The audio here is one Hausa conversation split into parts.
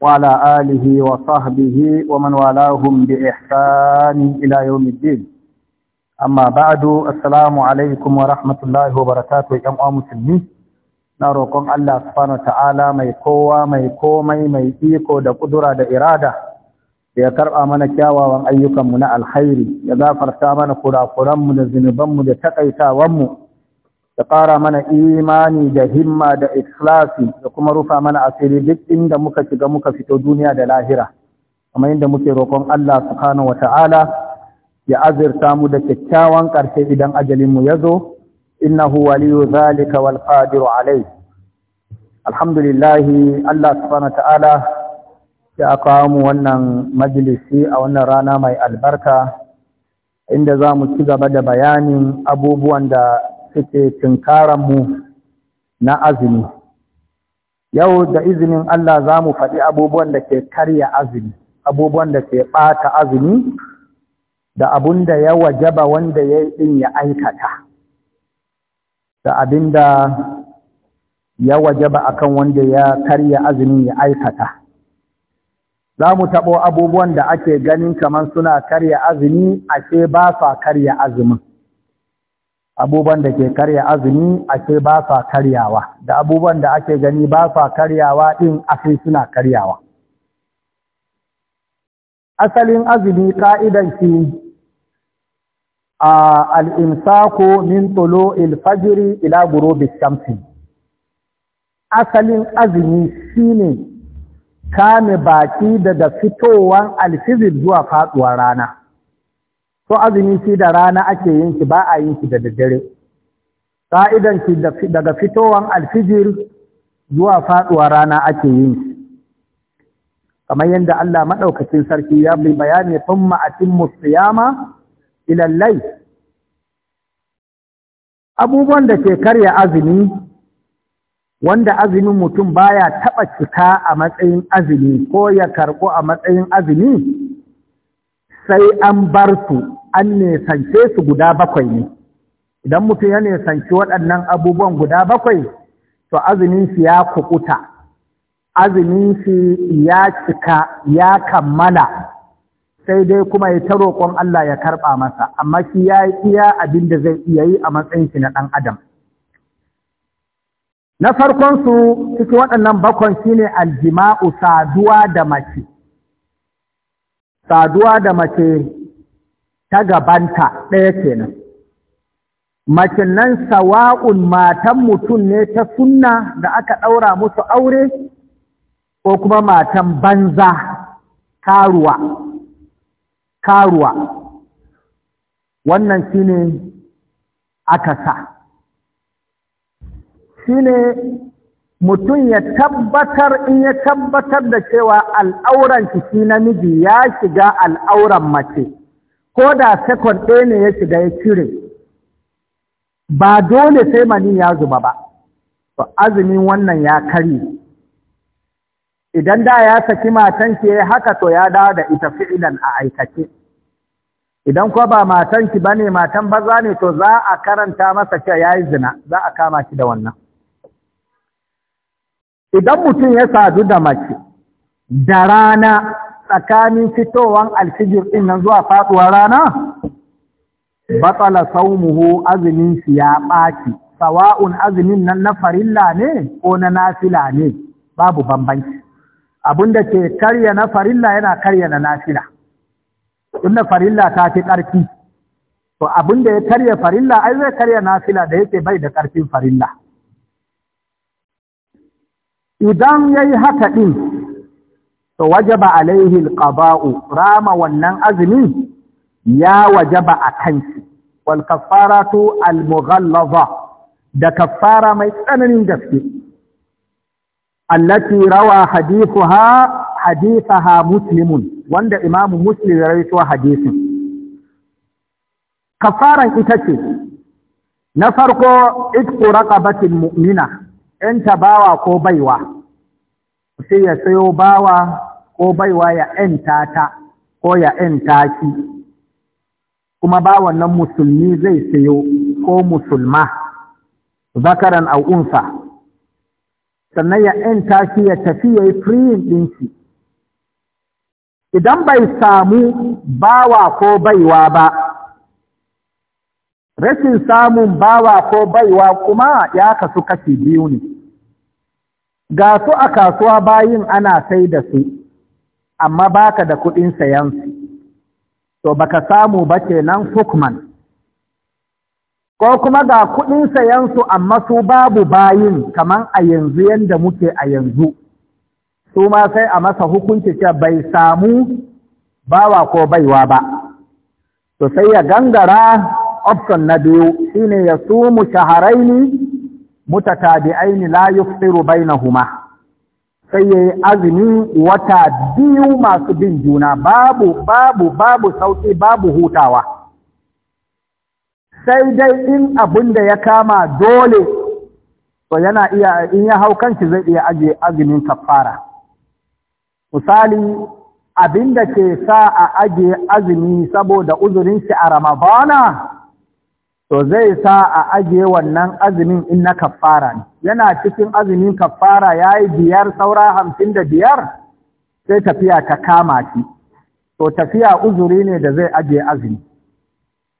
وعلى آله وصحبه ومن والاهم بإحسان إلى يوم الدين أما بعد السلام عليكم ورحمة الله وبركاته يا مسلمين na roƙon Allah subhanahu mai kowa mai komai mai iko da kudura da irada da ya karɓa mana kyawawan ayyukanmu na alkhairi ya gafarta mana kurakuranmu da zunubanmu da takaitawanmu ya ƙara mana imani da himma da ikhlasi da kuma rufa mana asiri duk inda muka shiga muka fito duniya da lahira kamar inda muke roƙon Allah subhanahu wata'ala ya azirta mu da kyakkyawan ƙarshe idan ajalin mu yazo innahu waliyu zalika wal qadiru alai Alhamdulillahi Allah subhanahu wata'ala ya kawo mu wannan majalisi a wannan rana mai albarka inda za mu ci gaba da bayanin abubuwan da suke mu na azumi. Yau da izinin Allah za mu faɗi abubuwan da ke karya azumi, abubuwan da ke ɓata azumi, da abun da ya wajaba wanda ya yi ɗin ya aikata, da abin da ya wajaba kan wanda ya karya azumin ya aikata. Za mu taɓo abubuwan da ake ganin kamar suna karya azumi, ashe ba sa karya azumin. abubuwan da ke karya azumi ake ba sa karyawa da abubuwan da ake gani ba sa karyawa ɗin ake suna karyawa asalin azumi ƙa'idan shi a al'imsako min tsolo ilfajiri ila gurobi shamsi asalin azumi shine kame baki daga fitowar alfizir zuwa faɗuwar rana ko azumi shi da rana ake yin shi ba a yin shi da daddare ka'idan shi daga fitowan alfijir zuwa faduwa rana ake yin shi kamar yadda Allah madaukakin sarki ya bi bayani thumma atimmu siyama ila al abubuwan da ke karya azumi wanda azumin mutum baya taɓa cika a matsayin azumi ko ya karɓo a matsayin azumi sai an bar su an nesance su guda bakwai ne idan mutum ya nesance waɗannan abubuwan guda bakwai to azumin shi ya kukuta azumin shi ya cika ya kammala sai dai kuma ya ta roƙon Allah ya karɓa masa amma shi ya yi iya abin da zai iya yi a matsayin shi na ɗan adam na farkon su cikin waɗannan bakon shine aljima'u saduwa da mace saduwa da mace ta gabanta ɗaya kenan macin nan sawa'un matan mutum ne ta sunna da aka ɗaura musu aure ko kuma matan banza karuwa karuwa wannan ne aka sa ne mutum ya tabbatar in ya tabbatar da cewa al'auran shi namiji ya shiga al'auran mace ko da sekon ɗaya ne ya shiga ya cire ba dole sai mani ya zuba ba to azumin wannan ya karye idan da ya saki matan ki haka to ya dawo da ita fi'ilan a aikace idan ko ba matan ki bane matan baza ne to za a karanta masa cewa yayi zina za a kama shi da wannan idan mutum ya sadu da mace da rana tsakanin fitowan alfijir ɗin nan zuwa faɗuwar rana batsala saumuhu azumin shi ya ɓaci sawa'un azumin nan na farilla ne ko na nafila ne babu bambanci da ke karya na farilla yana karya na nafila inda farilla ta fi ƙarfi to da ya karya farilla ai zai karya nafila da yake bai da ƙarfin farilla idan ya yi haka ɗin to wajaba alaihi alqaba'u rama wannan azumin? ya wajaba a kanshi wal kaffaratu almughallaza da kaffara mai tsananin gaske allati rawa hadithuha hadithaha muslimun wanda imamu muslim ya rawaito hadisin kafaran ita ce na farko itqu raqabatil mu'mina in tabawa ko baiwa mutum ya sayo bawa ko baiwa ya ‘yanta ta ko ya ‘yanta ki, kuma bawan nan musulmi zai sayo ko musulma, zakaran au'unsa, sannan ya ‘yanta ki ya tafi ya yi firin ɗinki. Idan bai samu bawa ko baiwa ba, rashin samun bawa ko baiwa kuma ya kasu kashi biyu ne. ga su a kasuwa bayin ana sai da su amma baka da kuɗin sayansu to baka samu ba kenan hukman ko kuma ga kuɗin sayansu amma su babu bayin kaman a yanzu yadda muke a yanzu su ma sai a masa hukunci ce bai samu bawa ko baiwa ba to sai ya gangara option na biyu shine ya sumu ne mutatabi'aini la yufṭiru bainahuma sai yayi azumi wata biyu masu bin juna babu babu babu sauki babu hutawa sai dai in abin da ya kama dole to yana iya in ya hau kanki zai iya aje azumin kafara misali abin da ke sa a aje azumi saboda uzurin shi a ramadana to zai sa a ajiye wannan azumin in na kafara ne yana cikin azumin kafara ya yi biyar saura hamsin da biyar sai tafiya ta kama shi to tafiya uzuri ne da zai ajiye azumi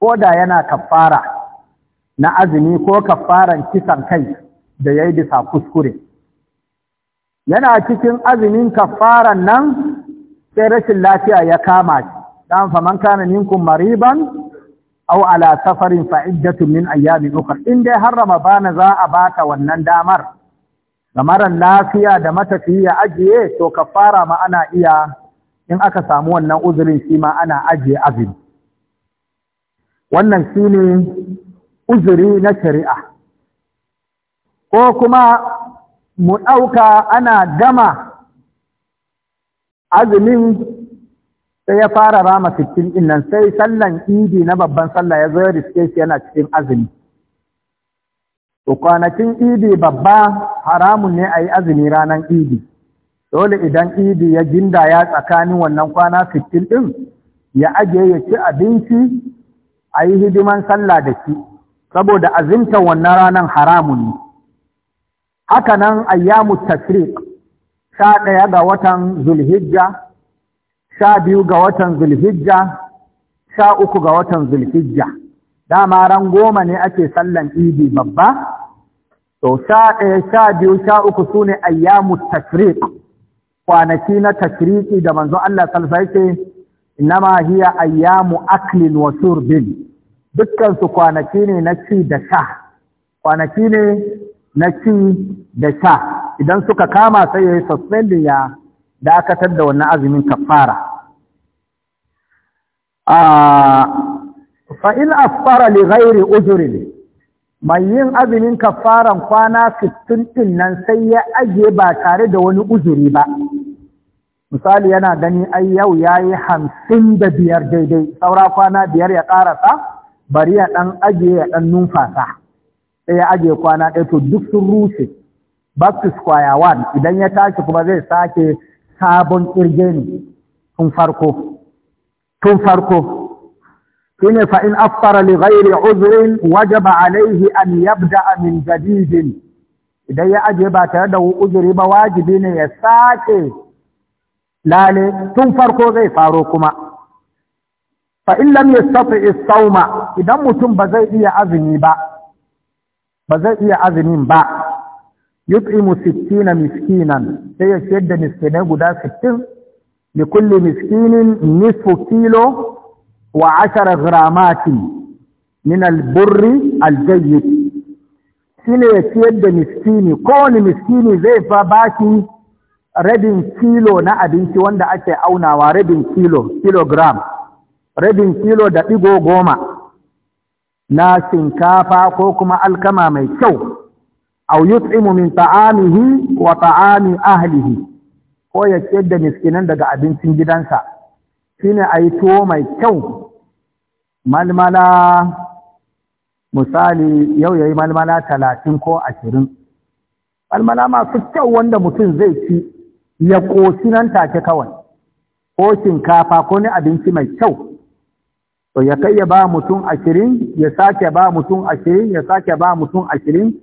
ko da yana kafara na azumi ko kafaran kisan kai da ya yi bisa kuskure yana cikin azumin kafaran nan sai rashin lafiya ya kama shi ɗan faman kananinkun mariban au ala safarin fa'iddatun min ayyamin ukhra in dai har bana za a baka wannan damar ga marar lafiya da matafiya ajiye to kafara ma ana iya in aka samu wannan uzurin shi ma ana ajiye azumi wannan shine uzuri na shari'a ko kuma mu ɗauka ana gama azumin sai ya fara rama sittin din nan sai sallan idi na babban sallah ya zo riske shi yana cikin azumi to kwanakin idi babba haramun ne a yi azumi ranan idi dole idan idi ya ya tsakanin wannan kwana sittin ɗin ya ajiye ya ci abinci a yi hidiman sallah da shi saboda azimtar wannan ranar haramun ne haka nan ayyamu tasrik sha ɗaya ga watan zulhijja sha biyu ga watan zulhijja sha uku ga watan zulhijja dama ran goma ne ake sallan idi babba to sha ɗaya sha biyu sha uku su ne ayyamu tashriq kwanaki na tashriqi da manzo Allah salfa yake inama hiya ayyamu aklin wa surbin Dukkansu su kwanaki ne na ci da sha kwanaki ne na ci da sha idan suka kama sai ya yi suspending ya dakatar da wannan azumin kafara fa in afara li ghairi ujri mai yin azumin kafaran kwana 60 din nan sai ya aje ba tare da wani uzuri ba misali yana gani ai yau yayi biyar daidai saura kwana biyar ya karasa bari ya dan aje ya dan numfasa sai ya aje kwana ɗaya to duk sun rushe back to one idan ya tashi kuma zai sake sabon ƙirge ne tun farko tun farko shine fa in afṭara li ghairi udhrin wajaba alayhi an yabda'a min jadid idan ya aje ba tare da uzuri ba wajibi ne ya sake lale tun farko zai faro kuma fa in lam yastati as-sawma idan mutum ba zai iya azumi ba ba zai iya azumin ba yut'imu sittina miskinan sai ya ciyar da miskinai guda sittin li kulli miskinin nisfu kilo wa ashara gramatin min alburri aljayyid shine ya ciyar da miskini kowane miskini zai fa baki rabin kilo na abinci wanda ake aunawa rabin kilo kilogram rabin kilo da ɗigo goma na shinkafa ko kuma alkama mai kyau aw yut'imu min ta'amihi wa ta'ami ahlihi ko ya ce da miskinan daga abincin gidansa shine ayi tuwo mai kyau malmala misali yau yayi malmala talatin ko ashirin malmala masu kyau wanda mutum zai ci ya ƙoshi nan take kawai ko shinkafa ko ni abinci mai kyau to ya kai ya ba mutum ashirin ya sake ba mutum ashirin ya sake ba mutum ashirin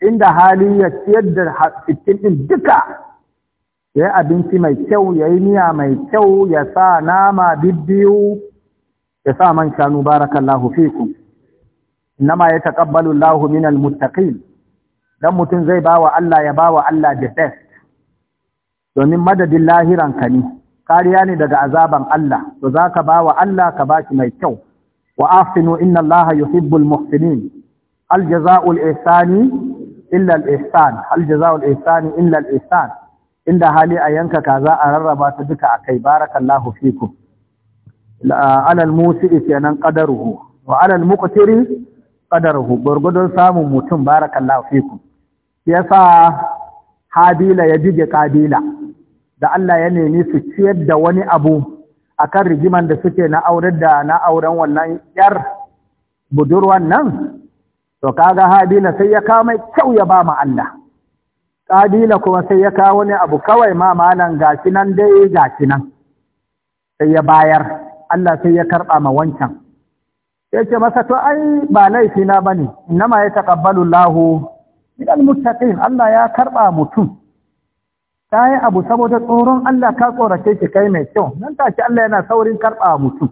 inda hali ya ciyar da sittin ɗin duka ya yi abinci mai kyau ya yi miya mai kyau ya sa nama bibbiyu ya sa man shanu barakallahu fikum nama ya taqabbalu Allahu minal muttaqin dan mutum zai bawa Allah ya bawa Allah the best domin madadin lahiran ka ne kariya ne daga azaban Allah to zaka bawa Allah ka bashi mai kyau wa afinu inna Allaha yuhibbul muhsinin al jazaa'ul ihsani illa al-ihsan hal jazaa'ul ihsani illa al-ihsan inda hali a yanka kaza a rarraba ta duka akai barakallahu fikum ala al-musi'i kenan qadaruhu wa ala al-muqtiri qadaruhu gurgudun samun mutum barakallahu fikum yasa habila ya jige kabila da Allah ya nemi su ciyar da wani abu akan rigiman da suke na da na auren wannan yar budurwan nan to kaga habila sai ya kawo mai kyau ya ba Allah Kabila kuma sai ya kawo wani abu kawai ma malan gashi nan dai gashi nan sai ya bayar Allah sai ya karɓa ma wancan ya ce masa to ai ba laifi na bane innama ya taqabbalu Allahu minal muttaqin Allah ya karɓa mutum ta yi abu saboda tsoron Allah ka tsorace shi kai mai kyau nan take Allah yana saurin karɓa mutum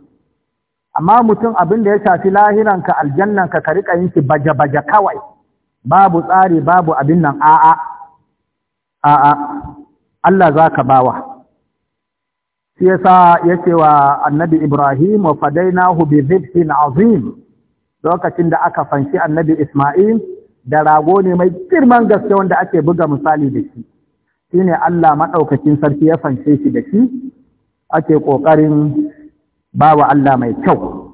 amma mutum abin da ya shafi lahiranka aljannanka ka riƙa yin shi baje-baje kawai babu tsari babu abin nan a'a a'a Allah za ka bawa shi yasa ya ce wa annabi Ibrahim wa fadainahu bi zibhin azim lokacin da aka fanshi annabi Isma'il da rago ne mai girman gaske wanda ake buga misali da shi shi ne Allah maɗaukacin sarki ya fanshe shi da shi ake ƙoƙarin bawa Allah mai kyau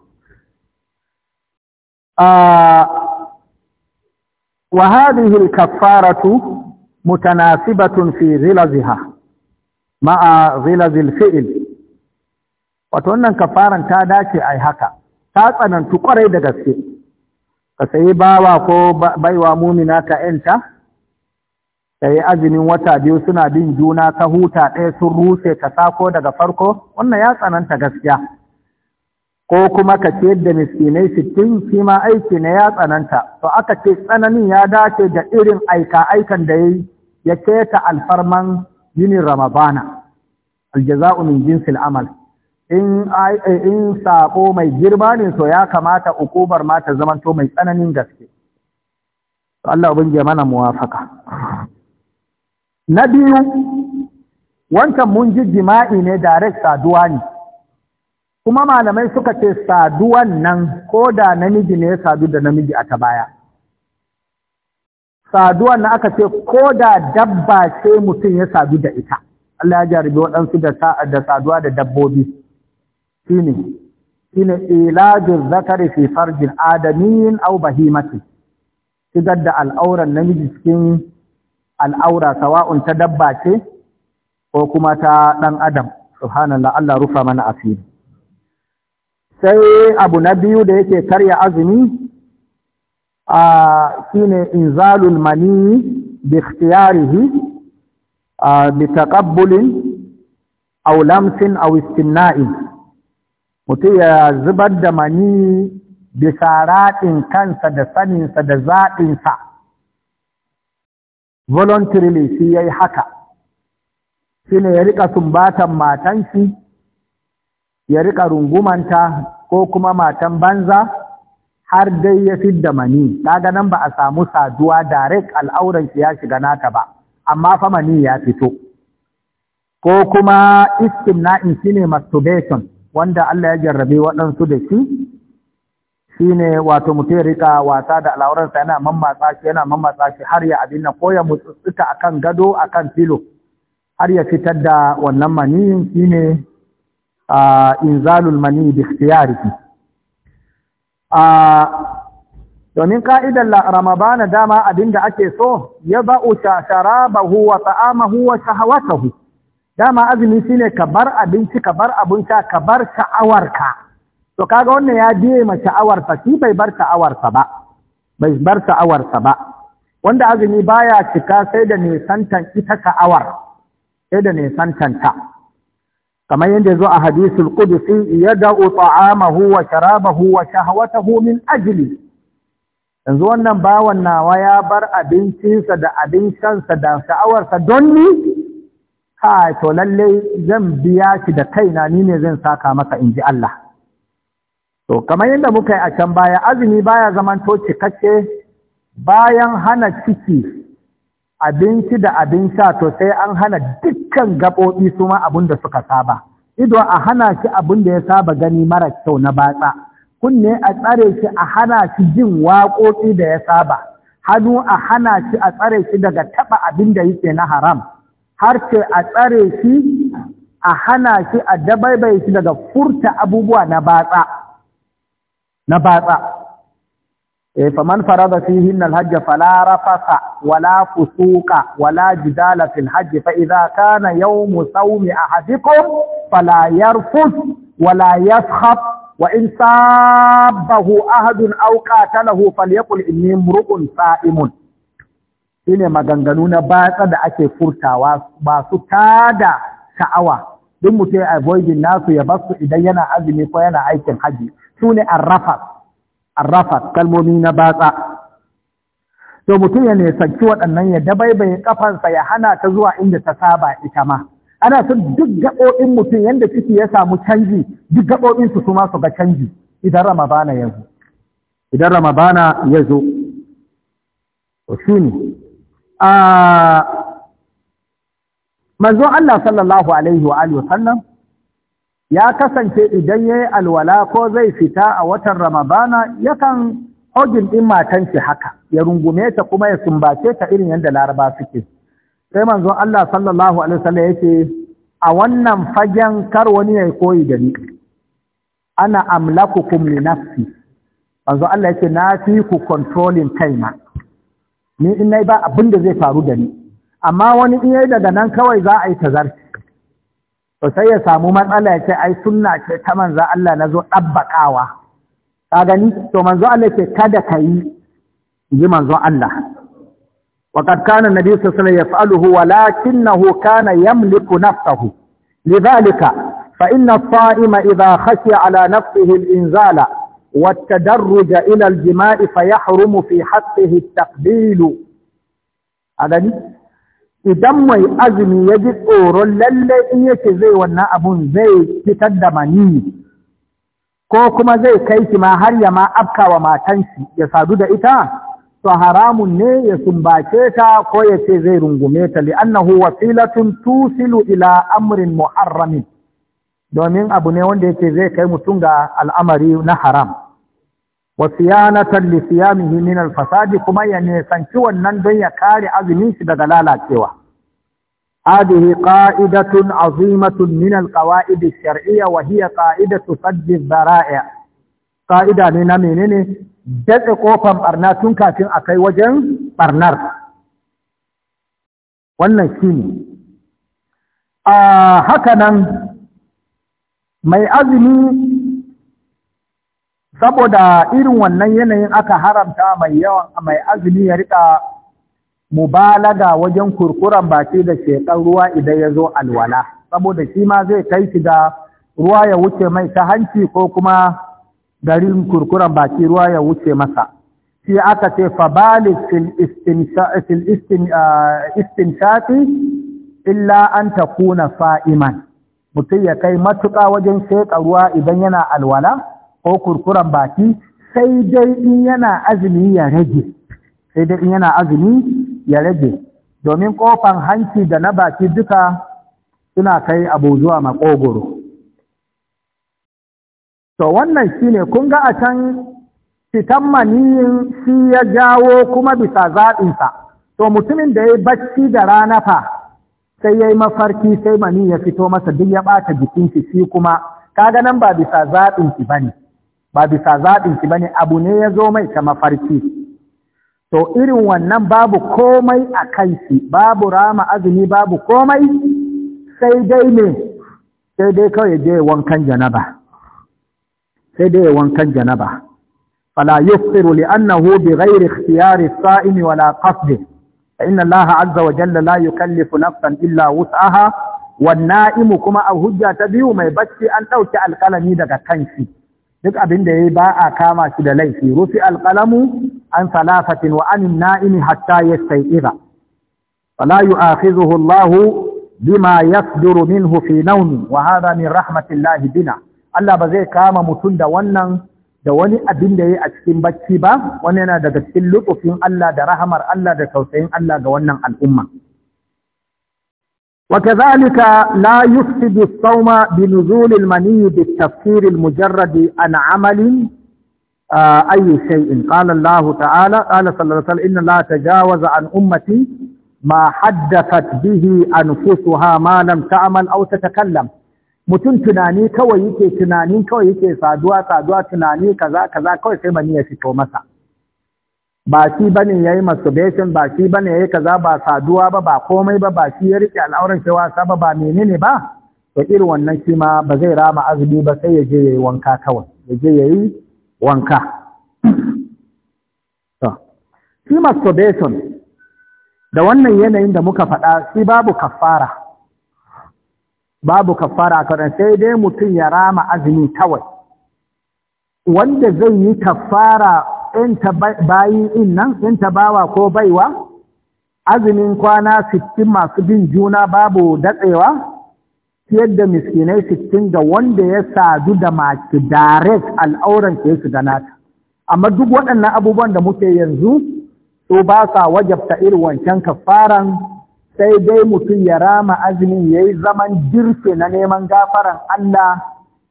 wa hadhihi al-kaffaratu mutanasibatun fi zilaziha ma'a zilazil fi'il wato wannan kafaran ta dace ai haka ta tsanantu kwarai da gaske ka sayi bawa ko baiwa mumina ka yanta ka yi azumin wata biyu suna bin juna ta huta ɗaya sun rufe ka sako daga farko wannan ya tsananta gaskiya ko kuma ka ce da miskinai sittin shi ma aiki na ya tsananta to aka ce tsananin ya dace da irin aika aikan da ya yi ya keta alfarman yinin ramadana aljaza'u min jinsil amal in in sako mai girma ne to ya kamata ukubar ma ta zamanto mai tsananin gaske to Allah ubangiji mana muwafaka na biyu wancan mun ji jima'i ne direct saduwa ne kuma malamai suka ce saduwan nan ko da namiji ne ya sadu da namiji a ta baya saduwan nan aka ce ko da dabba ce mutum ya sadu da ita Allah ya jarabi waɗansu da saduwa da dabbobi shi ne shi ne ilajin zakari fi farjin adamin au bahimati shigar da al'auran namiji cikin al'aura sawa'un ta dabba ce ko kuma ta ɗan adam subhanallah Allah rufa mana asiri sai abu na biyu da yake karya azumi a shine inzalul mani bi ikhtiyarihi bi taqabbulin aw lamsin aw istinna'in mutum ya zubar da mani bisa raɗin kansa da saninsa da zaɗinsa voluntarily shi ya yi haka shi ne ya riƙa sumbatan matanshi ya riƙa rungumanta ko kuma matan banza har dai ya da mani naga nan ba a samu saduwa direct al'auran ya shiga nata ba amma fa mani ya fito ko kuma shi ne masturbation wanda Allah ya jarrabe waɗansu da shi shi ne wato mutum rika wasa da al'auransa yana mammatsa shi yana mammatsa shi har ya abin nan ko ya a akan gado akan filo har ya fitar da wannan mani shi ne. inzalul mani bi a domin ka'idar ramabana dama abinda ake so ya ba'u sharabahu wa ta'amahu wa shahawatahu dama azumi shine ka bar abinci ka bar abun sha ka bar sha'awarka to kaga wannan ya biye ma sha'awarsa shi bai bar sha'awarsa ba bai bar sha'awarsa ba wanda azumi baya cika sai da nisantan ita sha'awar sai da nisantanta kamar yadda ya zo a hadisul qudsi yad'u ta'amahu wa sharabahu wa shahwatahu min ajli yanzu wannan bawan nawa ya bar abincinsa da abin shansa da sha'awarsa don ni ha to lalle zan biya shi da kaina ni ne zan saka maka inji Allah to kamar yadda muka yi a can baya azumi baya zaman to cikakke bayan hana ciki abinci da abin sha to sai an hana duk dukkan gaɓoɓi su ma abin da suka saba ido a hana shi abin da ya saba gani mara kyau na batsa kunne a tsare shi a hana shi jin waƙoƙi da ya saba hannu a hana shi a tsare shi daga taɓa abin da yake na haram har ce a tsare shi a hana shi a dabaibai shi daga furta abubuwa na batsa Eh, fa man farada fihin alhajj fala rafasa wala fusuqa wala jidala fil hajj fa idza kana yawm sawmi ahadikum fala yarfus wala yaskhab wa in sabahu ahadun aw qatalahu falyaqul inni imru'un sa'imun shine maganganu na batsa da ake furtawa ba su tada sha'awa duk mutai avoiding nasu ya basu idan yana azumi ko yana aikin haji sune arrafas arrafa kalmomi na batsa to mutum ya nisanci waɗannan ya dabaibaye kafansa ya hana ta zuwa inda ta saba ita ma ana son duk gaɓoɓin mutum yadda ciki ya samu canji duk gaɓoɓin su kuma su ga canji idan ramabana ya zo idan ramabana ya zo to shine a ah, manzon Allah sallallahu alaihi wa alihi wa sallam ya kasance idan ya yi alwala ko zai fita a watan Ramadana yakan hogin ɗin matan shi haka, ya rungume ta kuma ya sumbace ta irin yadda laraba suke. Sai manzo Allah sallallahu Alaihi wasallam yake a wannan fagen kar wani ya koyi da ni, ana amlakukum li nafsi. manzo Allah yake na fi ku controlling kaina, ni in ba abin zai faru da ni, amma wani in yayi daga nan kawai za a yi tazarci. to sai ya samu matsala ya ce ai sunna ce ta manzo Allah na zo ɗabbaƙawa ka gani to manzo Allah ce kada ka yi ji manzo Allah وقد كان النبي صلى الله عليه وسلم يفعله ولكنه كان يملك نفسه لذلك فإن الصائم إذا خشي على نفسه الإنزال والتدرج إلى الجماع فيحرم في حقه التقبيل هذا idan mai azumi ya ji tsoron lalle in yake zai wannan abun zai fitar da mani ko kuma zai kai ki ma har ya ma afka wa matan shi ya sadu da ita to haramun ne ya sumbace ta ko ya ce zai rungume ta li'annahu wasilatun tusilu ila amrin muharramin domin abu ne wanda yake zai kai mutum ga al'amari na haram wa siyanatan li siyamihi min al-fasad kuma ya ne sanki wannan don ya kare azumin shi daga lalacewa hadhihi qa'idatun azimatun min al-qawa'id ash-shar'iyyah wa hiya qa'idatu sadd adh ne na menene dace kofar barna tun kafin a kai wajen barnar wannan shine a haka nan mai azumi saboda irin wannan yanayin aka haramta mai yawan mai azumi ya rika mubalaga wajen kurkuran baki da shekar ruwa idan ya zo alwala saboda shi ma zai kai shi da ruwa ya wuce mai ta hanci ko kuma garin kurkuran baki ruwa ya wuce masa shi aka ce fabali fil ah, illa an ta kuna fa'iman mutum ya kai matuƙa wajen sheƙa ruwa idan yana alwala ko kurkuren baki sai dai in yana azumi ya rage sai dai in yana azumi ya rage domin kofan hanci da na baki duka suna kai abu zuwa makogoro to wannan shine kun ga a can fitan maniyin shi ya jawo kuma bisa zaɓinsa to mutumin da ya bacci da rana fa sai ya yi mafarki sai mani ya fito masa duk ya ɓata jikin shi shi kuma kaga nan ba bisa zaɓin shi bane ba bisa zaɓinki ba ne abu ne ya zo mai ta mafarki to irin wannan babu komai a shi, babu rama azumi babu komai sai dai ne sai dai kawai je wankan janaba sai dai wankan janaba fala yufiru li'annahu bighairi ikhtiyari as-sa'imi wala qasdi A inna Allah azza wa jalla la yukallifu nafsan illa wus'aha wan na'imu kuma a hujja ta biyu mai bacci an ɗauki alkalami daga kanshi duk abin da yi ba a kama shi da laifi rufi alƙalamu an salafatin wa an na'imi hatta yastayqiza fala yu'akhidhuhu Allah bima yasduru minhu fi nawmi wa hadha min rahmatillahi bina Allah ba zai kama mutun da wannan da wani abin da yayi a cikin bacci ba wannan yana daga cikin lutufin Allah da rahamar Allah da tausayin Allah ga wannan al'umma وكذلك لا يفسد الصوم بنزول المني بالتفكير المجرد عن عمل آه، أي شيء قال الله تعالى قال صلى الله عليه وسلم إن لا تجاوز عن أمتي ما حدثت به أنفسها ما لم تعمل أو تتكلم متن تناني kawai yake tunani kawai yake saduwa saduwa tunani kaza kaza kawai sai ba shi bane yayi masturbation ba shi bane yayi kaza ba saduwa ba ba komai ba ba shi ya rike al'auran shi wasa ba ba menene ba to irin wannan shi ma ba zai rama azumi ba sai ya je yayi wanka kawai ya je yayi wanka to shi masturbation da wannan yanayin da muka faɗa shi babu kafara babu kafara kadan sai dai mutum ya rama azumi kawai wanda zai yi kafara ‘yanta bayi in nan, ‘yanta bawa ko baiwa, azumin kwana sittin masu bin juna babu datsewa, fiye da miskinai sittin ga wanda ya sadu da mace direct al'auran ke su ganata. Amma duk waɗannan abubuwan da muke yanzu, su ba sa wajabta irin wancan kafaran sai dai mutum ya rama azumin ya yi zaman girfe na neman gafaran Allah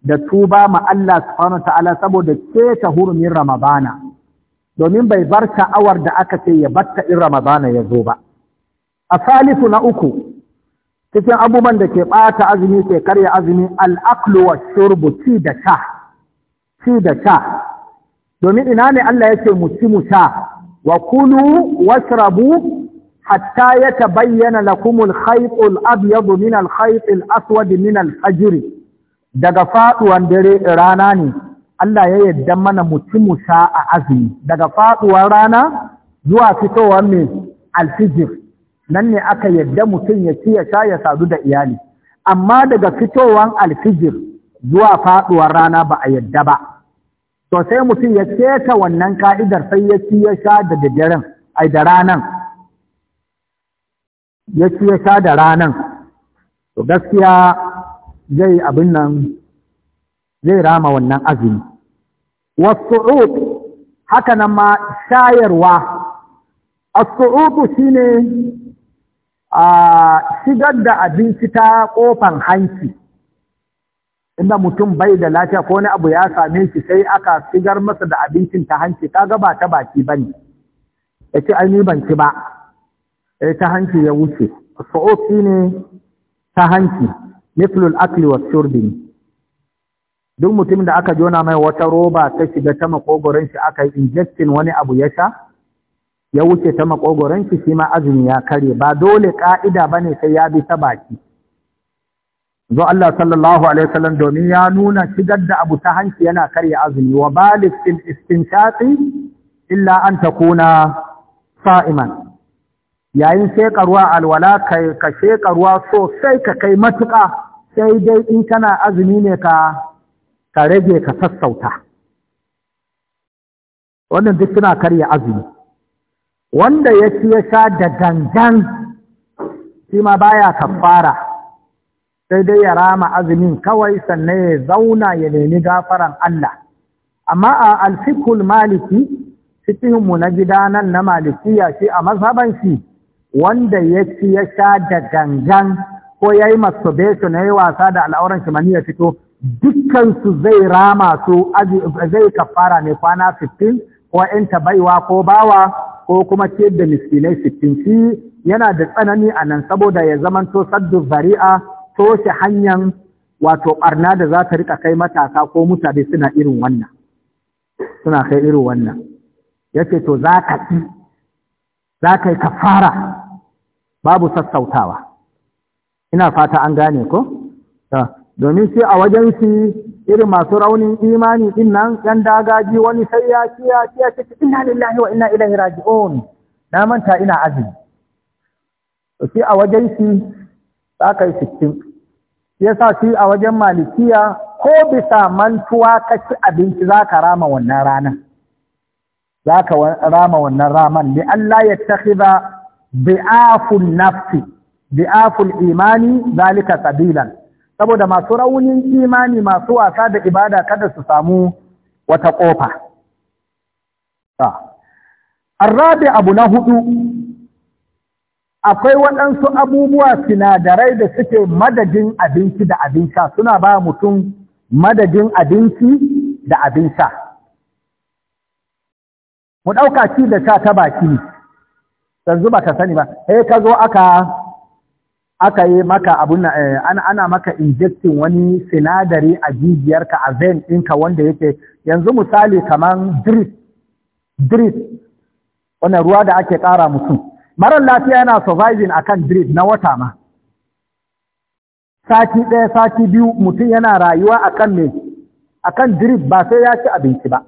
da tuba ma Allah subhanahu ta'ala saboda keta hurumin Ramadana. domin bai bar sha'awar da aka ce ya batta in ramadana ya zo ba a salisu na uku cikin abubuwan da ke ɓata azumi ke karya azumi al'aklu wa shurbu ci da sha ci da sha domin ina ne Allah ya ce mu ci mu sha wa kulu washrabu hatta ya tabayyana lakumul khaytul abyadu min al khaytil aswad min al fajr daga faduwan dare rana ne Allah ya yadda mana mutumu sha a azumi daga faɗuwar rana zuwa fitowar mai alfijir nan ne aka yadda mutum ya ci ya sha ya sadu da iyali amma daga fitowar alfijir zuwa faɗuwar rana ba a yadda ba to sai mutum ya keta wannan ka'idar sai ya ci ya sha da daddaren ai da ranan ya ci ya sha da ranan to gaskiya zai abin nan zai rama wannan azumi wasu'ud haka nan ma shayarwa as shi ne a shigar da abinci ta ƙofan hanci inda mutum bai da lafiya ko wani abu ya same shi sai aka shigar masa da abincin ta hanci kaga ba ta baki ba ne, ya ce ni ban ci ba ya ta hanci ya wuce su'ud ne ta hanci nifilul akli was duk mutum da aka jona mai wata roba ta shiga ta makogoron shi aka yi injectin wani abu ya sha ya wuce ta makogoron shi shi ma azumi ya kare ba dole ka'ida ne sai ya bi ta baki zo Allah sallallahu alaihi wasallam domin ya nuna shigar da abu ta hanci yana karya azumi wa balig fil istinshaqi illa an takuna sa'iman yayin shekaruwa alwala kai ka shekaruwa so sai ka kai matuka sai dai in kana azumi ne ka ka rage ka sassauta wannan duk suna karya azumi wanda ya ci ya sha da gangan shi ma baya kafara sai dai ya rama azumin kawai sannan ya zauna ya nemi gafaran Allah amma a alfikul maliki cikinmu na gida nan na malikiya shi a mazhaban shi wanda ya ci ya sha da gangan ko ya yi masturbation ya yi wasa da al'auran shi mani ya fito dukkansu zai rama su zai kafara ne kwana 15 ko ‘yan baiwa ko bawa ko kuma ce da miskinai 15 shi yana da tsanani a nan saboda ya to saddu zari'a toshe hanyar wato ɓarna da za ta rika kai matasa ko mutane suna irin wannan suna kai irin wannan ya ce to za ka ci za ka yi kafara babu sassautawa ina fata an gane ko? domin shi a wajen shi irin masu raunin imani din nan yan dagaji wani sai ya kiya kiya kici inna lillahi wa inna ilaihi raji'un na manta ina azumi shi a wajen shi za ka yi sittin yasa shi a wajen malikiya ko bisa mantuwa ka ci abinci za ka rama wannan rana za ka rama wannan raman da Allah ya takhidha bi'aful nafsi bi'aful imani zalika sabilan saboda masu raunin imani masu wasa da ibada kada su samu wata ƙofa. Arrabe abu na hudu, akwai waɗansu abubuwa sinadarai da suke madadin abinci da abin suna ba mutum madadin abinci da abin sha. Mu ɗauka ci da sha ta baki, yanzu ba ka sani ba, sai ka zo aka aka yi maka abun eh, ana ana maka injecting wani sinadari a jijiyarka a vein ɗinka wanda yake yanzu misali kaman drip drip wannan ruwa da ake kara mutum marar lafiya yana surviving akan drip na wata ma sati ɗaya sati biyu mutum yana rayuwa akan me akan drip ba sai ya ci abinci ba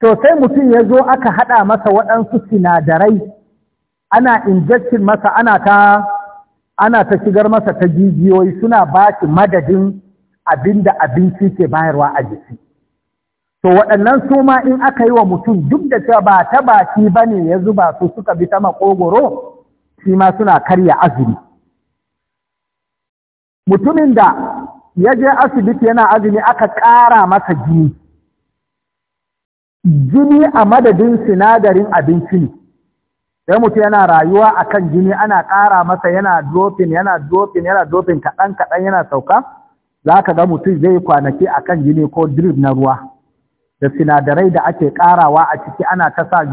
to sai mutum ya zo aka haɗa masa waɗansu sinadarai ana injecting masa ana ta ana ta shigar masa ta jijiyoyi suna ba shi madadin abin da abinci ke bayarwa a jiki. To waɗannan su ma in aka yi wa mutum duk da cewa ba ta baki ba ne ya zuba su suka bi ta makogoro, shi ma suna karya azumi. Mutumin da ya je asibiti yana azumi aka ƙara masa jini. Jini a madadin sinadarin abinci ne. sai mutum yana rayuwa a kan jini ana ƙara masa yana dopin yana dopin yana kaɗan kaɗan yana sauka za ka ga mutum zai kwanaki a kan jini ko drip na ruwa da sinadarai da ake ƙarawa a ciki ana ta sa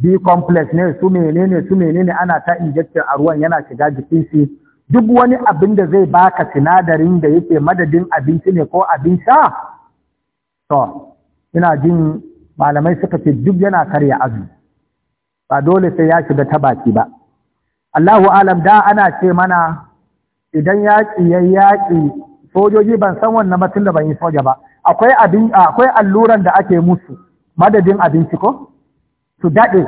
B complex ne su menene su menene ana ta injection a ruwan yana shiga jikin shi duk wani abin da zai baka sinadarin da yake madadin abinci ne ko abin sha to ina jin malamai suka ce duk yana karya azumi ba dole sai ya shiga ta baki ba Allahu alam da ana ce mana idan yaƙi ya yaƙi sojoji ban san wannan matun da ban yi soja ba akwai alluran da ake musu madadin abinci ko su daɗe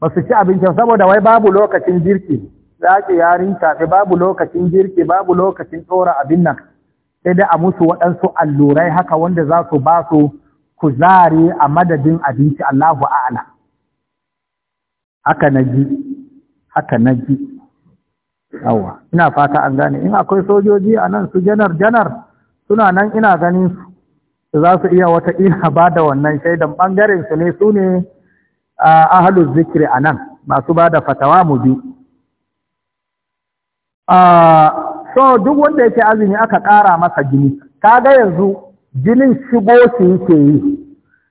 ba su ci abinci saboda wai babu lokacin girki za ki yarin tafi babu lokacin girki babu lokacin tsora abin nan sai dai a musu waɗansu allurai haka wanda za su ba su kuzari a madadin abinci Allahu a'ala haka na ji haka na ji yawa ina fata an gane in akwai sojoji a nan su janar janar suna nan ina ganin su za su iya wata ina ba da wannan shaidan ɓangaren su ne su ne ahalus zikiri a nan masu ba da fatawa mu bi so duk wanda yake azumi aka ƙara masa jini ta ga yanzu jinin shigo su yake yi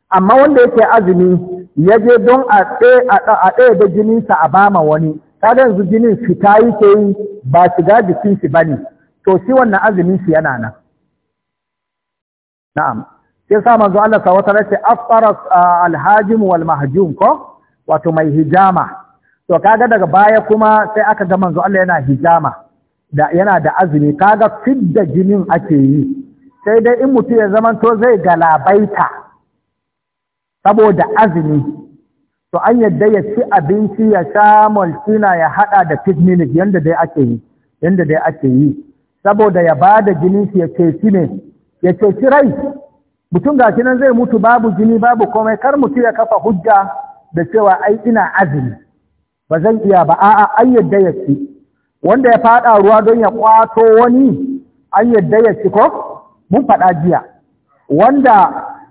amma wanda yake azumi ya je don a ɗaya da jininsa a bama wani kaga yanzu jinin su ta yi ba shiga jikin shi ne, to shi wannan azumin shi yana nan na'am Ke sa manzo Allah sa wata race afara alhajim wal mahajim ko wato mai hijama to kaga daga baya kuma sai aka ga manzo Allah yana hijama yana da azumi kaga fidda jinin ake yi sai dai in mutum ya zamanto zai galabaita saboda azumi to an yadda ya ci abinci ya sha maltina ya hada da pigminic yanda dai ake yi yanda dai ake yi saboda ya bada jini shi ya ceci ne ya ceci rai mutum ga zai mutu babu jini babu komai kar mutu ya kafa hujja da cewa ai ina azumi ba zan iya ba a'a an yadda ya ci wanda ya fada ruwa don ya kwato wani an yadda ya ci ko mun faɗa jiya wanda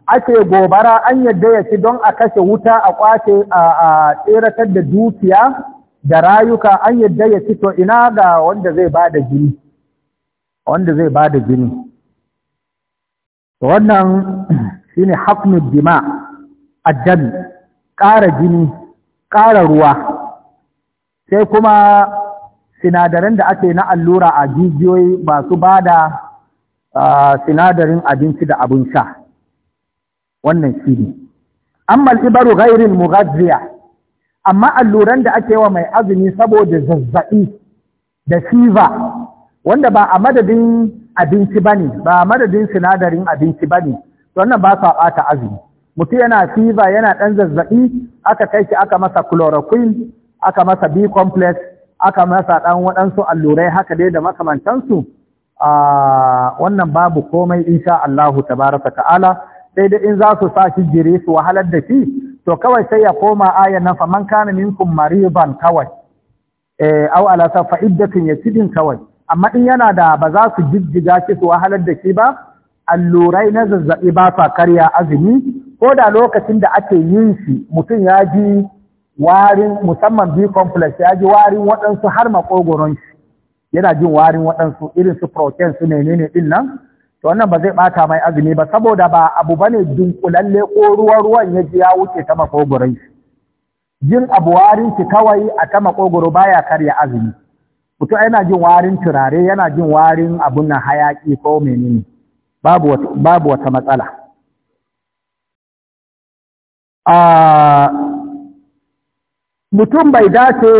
ake gobara an yadda ya ci don a kashe wuta a kwace a tseratar da dukiya da rayuka an yadda ya ci to ina ga wanda zai ba da jini wanda zai ba da jini wannan shi ne haƙunin dima ƙara jini ƙara ruwa sai kuma sinadaran da ake na allura a jijiyoyi masu ba da sinadarin abinci da abin sha wannan shi ne amma al'ibaru gairin mughazziya amma alluran da ake wa mai azumi saboda zazzaɓi da shiva, wanda ba a madadin abinci bane ba a madadin sinadarin abinci bane wannan ba sa ɓata azumi mutum yana shiva yana ɗan zazzaɓi aka kai shi aka masa chloroquine aka masa b complex aka masa ɗan waɗansu allurai haka dai da makamantansu a ah, wannan babu komai insha Allahu tabaraka ta'ala sai dai in za su sa shi jire su wahalar da shi to kawai sai ya koma ayan nan faman kana minkum mariban kawai eh aw ala safa iddatun kawai amma in yana da ba za su jijjiga shi su wahalar da shi ba allurai na zazzaɓi ba sa karya azumi ko da lokacin da ake yin shi mutum ya ji warin musamman B complex ya ji warin waɗansu har makogoron shi yana jin warin waɗansu irin su protein su menene din nan to wannan ba zai ɓata mai azumi ba saboda ba abu ba ne dunkulalle ko ruwan ruwan ya ji ya wuce ta makogoron shi jin abu warin ki kawai a ta makogoro ya karya azumi mutum yana jin warin turare yana jin warin abun nan hayaƙi ko menene babu wata matsala mutum bai dace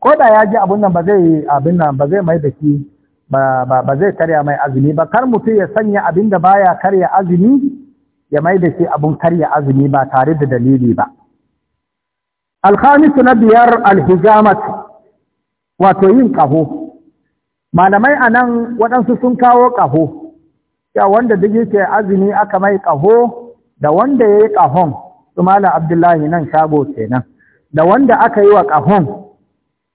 ko da ya ji abun nan ba zai abin nan ba zai mai da shi ba zai karya mai azumi ba kar mutum ya sanya abin da baya karya azumi ya mai da shi abun karya azumi ba tare da dalili ba alhamisu na biyar alhijamat wato yin ƙaho malamai a nan waɗansu sun kawo ƙaho ya wanda duk yake azumi aka mai ƙaho da wanda ya yi ƙahon su malam abdullahi nan shago kenan da wanda aka yi wa ƙahon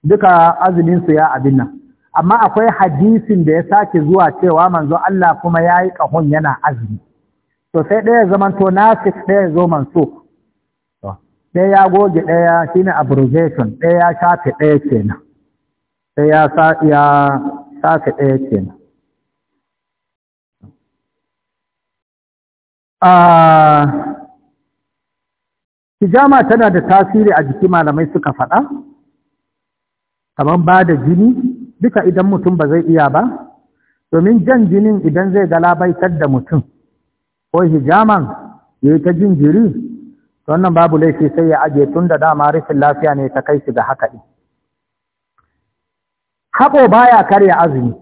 duka azuminsu ya abin nan amma akwai hadisin da ya sake zuwa cewa manzo Allah kuma ya yi ƙahon yana azumi to sai ɗaya zaman to nasik ɗaya zo manso ɗaya ya goge ɗaya shi ne abrogation ɗaya ya shafe ɗaya ke nan, sai ya shafe ɗaya ke nan. Ah, hijama tana da tasiri a jiki malamai suka faɗa kamar ba da jini duka idan mutum ba zai iya ba domin jan jinin idan zai galabaitar da mutum ko hijaman ya yi ta jin jiri wannan babu laifi sai ya ajiye tun da dama rashin lafiya ne ta kai shi ga haka ɗin baya karya azumi